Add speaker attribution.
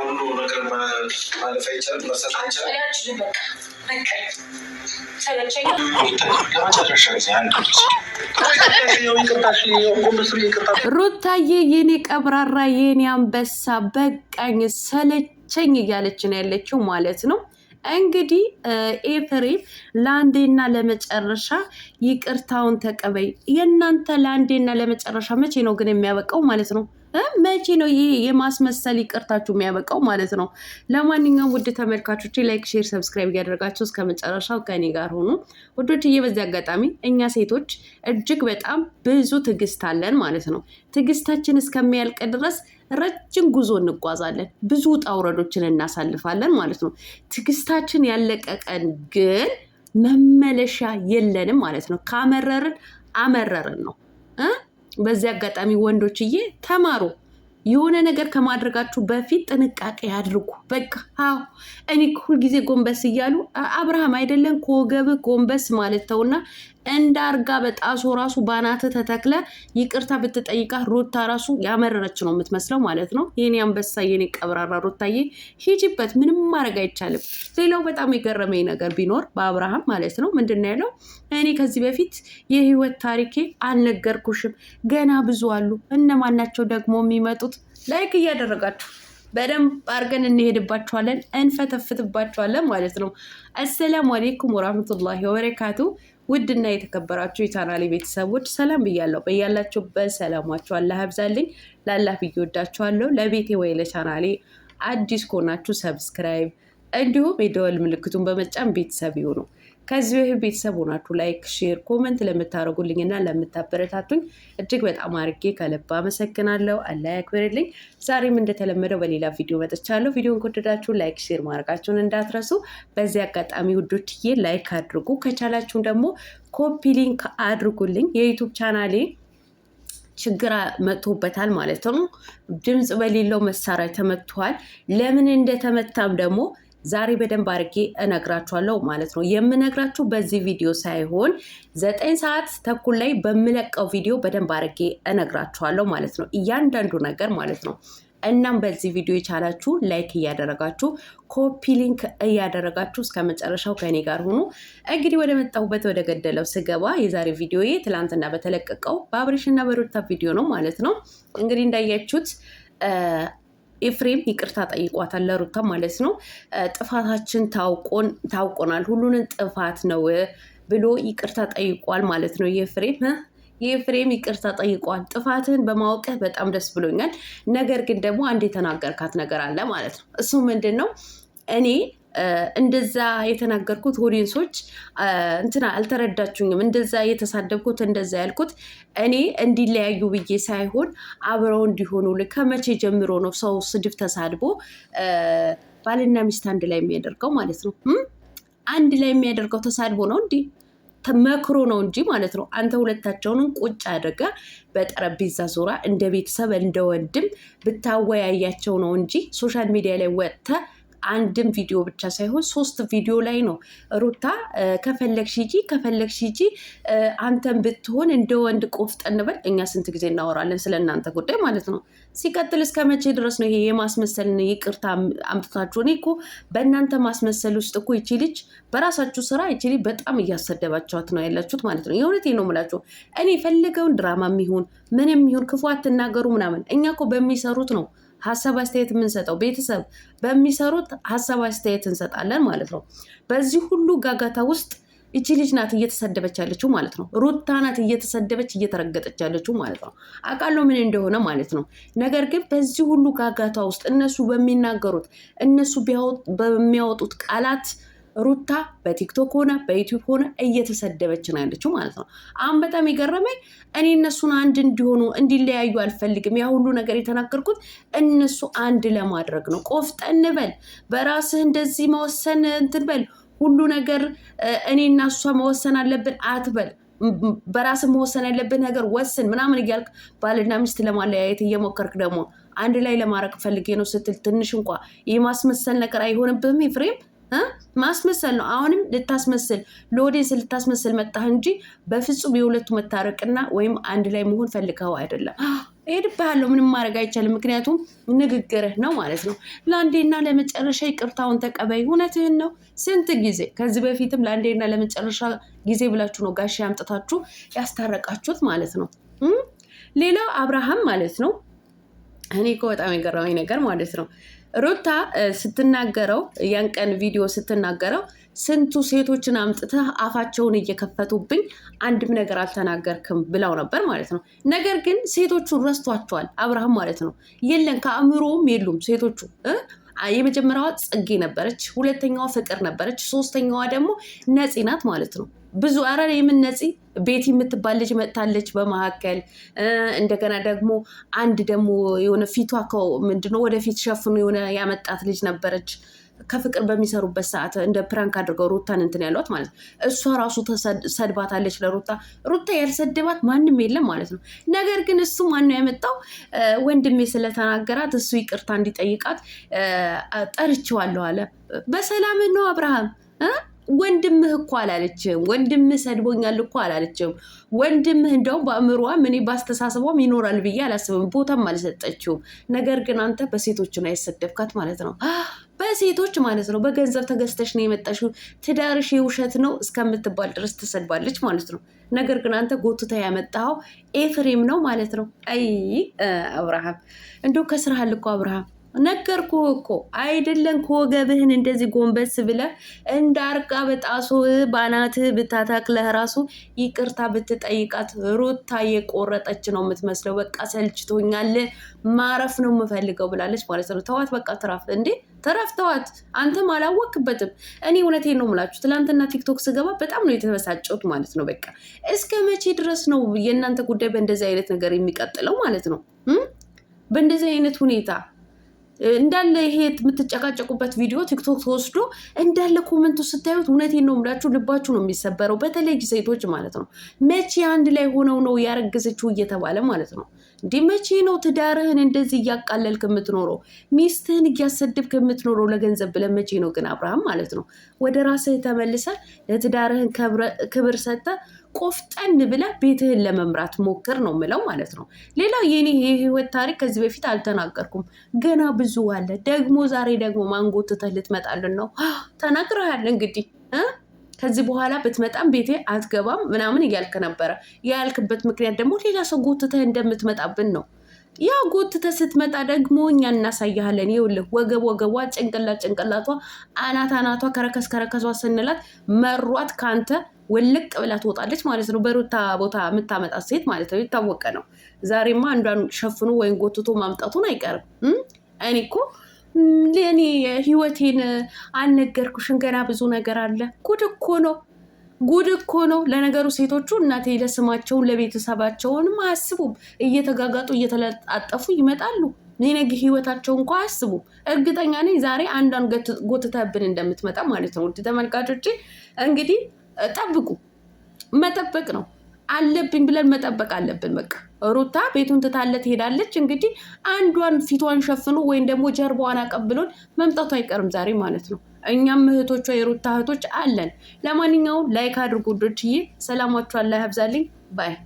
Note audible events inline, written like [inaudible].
Speaker 1: ሁሉ ነገር ማለፍ አይቻልም። ሩታዬ የኔ ቀብራራ የኔ አንበሳ በቃኝ ሰለቸኝ እያለች ነው ያለችው ማለት ነው። እንግዲህ ኤፍሬም ለአንዴና ለመጨረሻ ይቅርታውን ተቀበይ። የእናንተ ለአንዴና ለመጨረሻ መቼ ነው ግን የሚያበቃው ማለት ነው? መቼ ነው ይሄ የማስመሰል ይቅርታችሁ የሚያበቃው ማለት ነው? ለማንኛውም ውድ ተመልካቾች ላይክ፣ ሼር፣ ሰብስክራይብ እያደረጋቸው እስከ መጨረሻው ከኔ ጋር ሆኑ ውዶች። እየ በዚህ አጋጣሚ እኛ ሴቶች እጅግ በጣም ብዙ ትዕግስት አለን ማለት ነው። ትዕግስታችን እስከሚያልቅ ድረስ ረጅም ጉዞ እንጓዛለን፣ ብዙ ውጣ ውረዶችን እናሳልፋለን ማለት ነው። ትዕግስታችን ያለቀቀን ግን መመለሻ የለንም ማለት ነው። ካመረርን አመረርን ነው እ በዚህ አጋጣሚ ወንዶችዬ ተማሩ። የሆነ ነገር ከማድረጋችሁ በፊት ጥንቃቄ አድርጉ። በቃ አዎ፣ እኔ ሁልጊዜ ጎንበስ እያሉ አብርሃም አይደለም ከወገብ ጎንበስ ማለት ተውና እንደ አርጋ በጣሶ ራሱ ባናት ተተክለ ይቅርታ ብትጠይቃ ሩታ ራሱ ያመረረች ነው የምትመስለው ማለት ነው። የኔ አንበሳ፣ የኔ ቀብራራ ሩታዬ ሂጂበት፣ ምንም ማድረግ አይቻልም። ሌላው በጣም የገረመኝ ነገር ቢኖር በአብርሃም ማለት ነው ምንድን ነው ያለው? እኔ ከዚህ በፊት የህይወት ታሪኬ አልነገርኩሽም፣ ገና ብዙ አሉ። እነማን ናቸው ደግሞ የሚመጡት ላይክ እያደረጋችሁ በደንብ አድርገን እንሄድባችኋለን፣ እንፈተፍትባችኋለን ማለት ነው። አሰላሙ አሌይኩም ወራህመቱላሂ ወበረካቱ። ውድና የተከበራችሁ የቻናሌ ቤተሰቦች ሰላም ብያለሁ። በያላችሁበት ሰላማችሁ አላህ ያብዛልኝ። ላላፍ እየወዳችኋለሁ። ለቤቴ ወይ ለቻናሌ አዲስ ከሆናችሁ ሰብስክራይብ እንዲሁም የደወል ምልክቱን በመጫን ቤተሰብ ይሁኑ። ከዚህ ይህ ቤተሰብ ሆናችሁ ላይክ፣ ሼር፣ ኮመንት ለምታደርጉልኝ እና ለምታበረታቱኝ እጅግ በጣም አርጌ ከልብ አመሰግናለሁ። አላህ ያክብርልኝ። ዛሬም እንደተለመደው በሌላ ቪዲዮ መጥቻለሁ። ቪዲዮን ከወደዳችሁ ላይክ፣ ሼር ማድረጋችሁን እንዳትረሱ። በዚህ አጋጣሚ ውዶችዬ ላይክ አድርጉ፣ ከቻላችሁን ደግሞ ኮፒ ሊንክ አድርጉልኝ የዩቱብ ቻናሌ ችግር መጥቶበታል ማለት ነው። ድምፅ በሌለው መሳሪያ ተመትቷል። ለምን እንደተመታም ደግሞ ዛሬ በደንብ አድርጌ እነግራችኋለሁ ማለት ነው። የምነግራችሁ በዚህ ቪዲዮ ሳይሆን ዘጠኝ ሰዓት ተኩል ላይ በምለቀው ቪዲዮ በደንብ አድርጌ እነግራችኋለሁ ማለት ነው። እያንዳንዱ ነገር ማለት ነው። እናም በዚህ ቪዲዮ የቻላችሁ ላይክ እያደረጋችሁ ኮፒ ሊንክ እያደረጋችሁ እስከ መጨረሻው ከእኔ ጋር ሆኑ። እንግዲህ ወደ መጣሁበት ወደ ገደለው ስገባ የዛሬ ቪዲዮ ትላንትና በተለቀቀው በአብሬሽና በሩታ ቪዲዮ ነው ማለት ነው። እንግዲህ እንዳያችሁት ኤፍሬም ይቅርታ ጠይቋታል፣ ለሩታ ማለት ነው። ጥፋታችን ታውቆናል፣ ሁሉንም ጥፋት ነው ብሎ ይቅርታ ጠይቋል ማለት ነው የኤፍሬም የኤፍሬም ይቅርታ ጠይቋል። ጥፋትን በማወቅህ በጣም ደስ ብሎኛል። ነገር ግን ደግሞ አንድ የተናገርካት ነገር አለ ማለት ነው። እሱ ምንድን ነው እኔ እንደዛ የተናገርኩት ኦዲየንሶች እንትና አልተረዳችሁኝም። እንደዛ የተሳደብኩት እንደዛ ያልኩት እኔ እንዲለያዩ ብዬ ሳይሆን አብረው እንዲሆኑ ከመቼ ጀምሮ ነው ሰው ስድብ ተሳድቦ ባልና ሚስት አንድ ላይ የሚያደርገው ማለት ነው? አንድ ላይ የሚያደርገው ተሳድቦ ነው እንዲህ መክሮ ነው እንጂ ማለት ነው። አንተ ሁለታቸውንም ቁጭ አድርገ በጠረጴዛ ዙሪያ እንደ ቤተሰብ እንደ ወንድም ብታወያያቸው ነው እንጂ ሶሻል ሚዲያ ላይ ወጥተ። አንድም ቪዲዮ ብቻ ሳይሆን ሶስት ቪዲዮ ላይ ነው ሩታ ከፈለግሽ ሂጂ ከፈለግሽ ሂጂ፣ አንተን ብትሆን እንደ ወንድ ቆፍጠን በል። እኛ ስንት ጊዜ እናወራለን ስለ እናንተ ጉዳይ ማለት ነው። ሲቀጥል እስከ መቼ ድረስ ነው ይሄ የማስመሰልን ይቅርታ አምጥታችሁ? እኔ እኮ በእናንተ ማስመሰል ውስጥ እኮ ይቺ ልጅ በራሳችሁ ስራ ይቺ ልጅ በጣም እያሰደባቸዋት ነው ያላችሁት ማለት ነው። የእውነት ነው የምላችሁ። እኔ የፈለገውን ድራማ የሚሆን ምንም ይሁን ክፉ አትናገሩ ምናምን፣ እኛ እኮ በሚሰሩት ነው ሀሳብ አስተያየት የምንሰጠው ቤተሰብ በሚሰሩት ሀሳብ አስተያየት እንሰጣለን ማለት ነው። በዚህ ሁሉ ጋጋታ ውስጥ እቺ ልጅ ናት እየተሰደበች ያለችው ማለት ነው። ሩታ ናት እየተሰደበች እየተረገጠች ያለችው ማለት ነው። አውቃለሁ ምን እንደሆነ ማለት ነው። ነገር ግን በዚህ ሁሉ ጋጋታ ውስጥ እነሱ በሚናገሩት እነሱ በሚያወጡት ቃላት ሩታ በቲክቶክ ሆነ በዩቲዩብ ሆነ እየተሰደበች ነው ያለችው ማለት ነው። አሁን በጣም የገረመኝ እኔ እነሱን አንድ እንዲሆኑ እንዲለያዩ አልፈልግም። ያ ሁሉ ነገር የተናገርኩት እነሱ አንድ ለማድረግ ነው። ቆፍጠን በል፣ በራስህ እንደዚህ መወሰን እንትን በል፣ ሁሉ ነገር እኔ እሷ መወሰን አለብን አትበል በራስ መወሰን ያለብን ነገር ወስን ምናምን እያልክ ባልና ሚስት ለማለያየት እየሞከርክ ደግሞ አንድ ላይ ለማድረግ ፈልጌ ነው ስትል ትንሽ እንኳ የማስመሰል ነገር አይሆንብህም ፍሬም? ማስመሰል ነው። አሁንም ልታስመስል ለወዴንስ ልታስመስል መጣህ እንጂ በፍጹም የሁለቱ መታረቅና ወይም አንድ ላይ መሆን ፈልገው አይደለም። [gasps] እሄድብሃለሁ ምንም ማድረግ አይቻልም። ምክንያቱም ንግግርህ ነው ማለት ነው። ለአንዴና ለመጨረሻ ይቅርታውን ተቀበይ። እውነትህን ነው። ስንት ጊዜ ከዚህ በፊትም ለአንዴና ለመጨረሻ ጊዜ ብላችሁ ነው ጋሼ አምጥታችሁ ያስታረቃችሁት ማለት ነው። ሌላው አብርሃም ማለት ነው። እኔ እኮ በጣም የገረመኝ ነገር ማለት ነው ሩታ ስትናገረው ያን ቀን ቪዲዮ ስትናገረው ስንቱ ሴቶችን አምጥተህ አፋቸውን እየከፈቱብኝ አንድም ነገር አልተናገርክም ብለው ነበር ማለት ነው። ነገር ግን ሴቶቹን ረስቷቸዋል አብርሃም ማለት ነው። የለን ከአእምሮውም የሉም ሴቶቹ። የመጀመሪያዋ ጽጌ ነበረች፣ ሁለተኛዋ ፍቅር ነበረች፣ ሶስተኛዋ ደግሞ ነፂ ናት ማለት ነው። ብዙ አረ የምነጽ ቤት የምትባል ልጅ መጥታለች በመካከል። እንደገና ደግሞ አንድ ደግሞ የሆነ ፊቷ ምንድነው ወደፊት ሸፍኑ የሆነ ያመጣት ልጅ ነበረች ከፍቅር በሚሰሩበት ሰዓት እንደ ፕራንክ አድርገው ሩታን እንትን ያሏት ማለት ነው። እሷ ራሱ ሰድባታለች ለሩታ። ሩታ ያልሰድባት ማንም የለም ማለት ነው። ነገር ግን እሱ ማነው ያመጣው? ወንድሜ ስለተናገራት እሱ ይቅርታ እንዲጠይቃት ጠርቼዋለሁ አለ። በሰላም ነው አብርሃም ወንድምህ እኮ አላለችም። ወንድምህ ሰድቦኛል እኮ አላለችም። ወንድምህ እንደውም በአእምሮዋም እኔ በአስተሳሰቧም ይኖራል ብዬ አላስብም፣ ቦታም አልሰጠችውም። ነገር ግን አንተ ነው አይሰደብካት ማለት ነው፣ በሴቶች ማለት ነው። በገንዘብ ተገዝተሽ ነው የመጣሽው፣ ትዳርሽ የውሸት ነው እስከምትባል ድረስ ትሰድባለች ማለት ነው። ነገር ግን አንተ ጎትታ ያመጣኸው ኤፍሬም ነው ማለት ነው። አይ አብርሃም እንደው ከስራህ እኮ አብርሃም ነገርኩ እኮ አይደለም ከወገብህን እንደዚህ ጎንበስ ብለህ እንደ አርቃ በጣሶ ባናትህ ብታታክለህ ራሱ ይቅርታ ብትጠይቃት ሩታ የቆረጠች ነው የምትመስለው። በቃ ሰልችቶኛል፣ ማረፍ ነው የምፈልገው ብላለች ማለት ነው። ተዋት በቃ ትራፍ እንዴ ተረፍ ተዋት። አንተም አላወቅበትም። እኔ እውነቴን ነው የምላችሁ። ትናንትና ቲክቶክ ስገባ በጣም ነው የተበሳጨሁት ማለት ነው። በቃ እስከ መቼ ድረስ ነው የእናንተ ጉዳይ በእንደዚህ አይነት ነገር የሚቀጥለው ማለት ነው፣ በእንደዚህ አይነት ሁኔታ እንዳለ ይሄ የምትጨቃጨቁበት ቪዲዮ ቲክቶክ ተወስዶ እንዳለ ኮመንቱ ስታዩት እውነቴ ነው ምላችሁ ልባችሁ ነው የሚሰበረው። በተለይ ሴቶች ማለት ነው። መቼ አንድ ላይ ሆነው ነው ያረገዘችው እየተባለ ማለት ነው። እንዲህ መቼ ነው ትዳርህን እንደዚህ እያቃለልክ የምትኖረው? ሚስትህን እያሰድብክ የምትኖረው ለገንዘብ ብለህ መቼ ነው ግን አብርሃም ማለት ነው ወደ ራስህ ተመልሰ ለትዳርህን ክብር ሰጠ ቆፍጠን ብለህ ቤትህን ለመምራት ሞክር ነው ምለው ማለት ነው። ሌላው የኔ የህይወት ታሪክ ከዚህ በፊት አልተናገርኩም፣ ገና ብዙ አለ። ደግሞ ዛሬ ደግሞ ማንጎትተህ ልትመጣልን ነው ተናግረሃል። እንግዲህ ከዚህ በኋላ ብትመጣም ቤቴ አትገባም ምናምን እያልክ ነበረ። ያልክበት ምክንያት ደግሞ ሌላ ሰው ጎትተህ እንደምትመጣብን ነው። ያ ጎትተ ስትመጣ ደግሞ እኛ እናሳያለን ይኸውልህ ወገብ ወገቧ፣ ጭንቅላት ጭንቅላቷ፣ አናት አናቷ፣ ከረከስ ከረከሷ ስንላት መሯት ከአንተ ውልቅ ብላ ትወጣለች ማለት ነው። በሩታ ቦታ የምታመጣት ሴት ማለት ነው። የታወቀ ነው። ዛሬማ አንዷን ሸፍኖ ወይም ጎትቶ ማምጣቱን አይቀርም። እኔ እኮ ለእኔ ህይወቴን አልነገርኩሽን፣ ገና ብዙ ነገር አለ። ጉድ እኮ ነው። ጉድ እኮ ነው ለነገሩ። ሴቶቹ እናቴ ለስማቸውን ለቤተሰባቸውንም አያስቡም። እየተጋጋጡ እየተለጣጠፉ ይመጣሉ። የነገ ህይወታቸው እንኳ አያስቡም። እርግጠኛ ነኝ ዛሬ አንዷን ጎትተብን እንደምትመጣ ማለት ነው። ውድ ተመልካቾች እንግዲህ ጠብቁ። መጠበቅ ነው አለብኝ ብለን መጠበቅ አለብን። በቃ ሩታ ቤቱን ትታለ ትሄዳለች። እንግዲህ አንዷን ፊቷን ሸፍኖ ወይም ደግሞ ጀርባዋን አቀብሎን መምጣቱ አይቀርም ዛሬ ማለት ነው። እኛም እህቶቿ የሩታ እህቶች አለን። ለማንኛውም ላይክ አድርጉ ዶችዬ። ሰላማችኋን ላይ ያብዛልኝ ባይ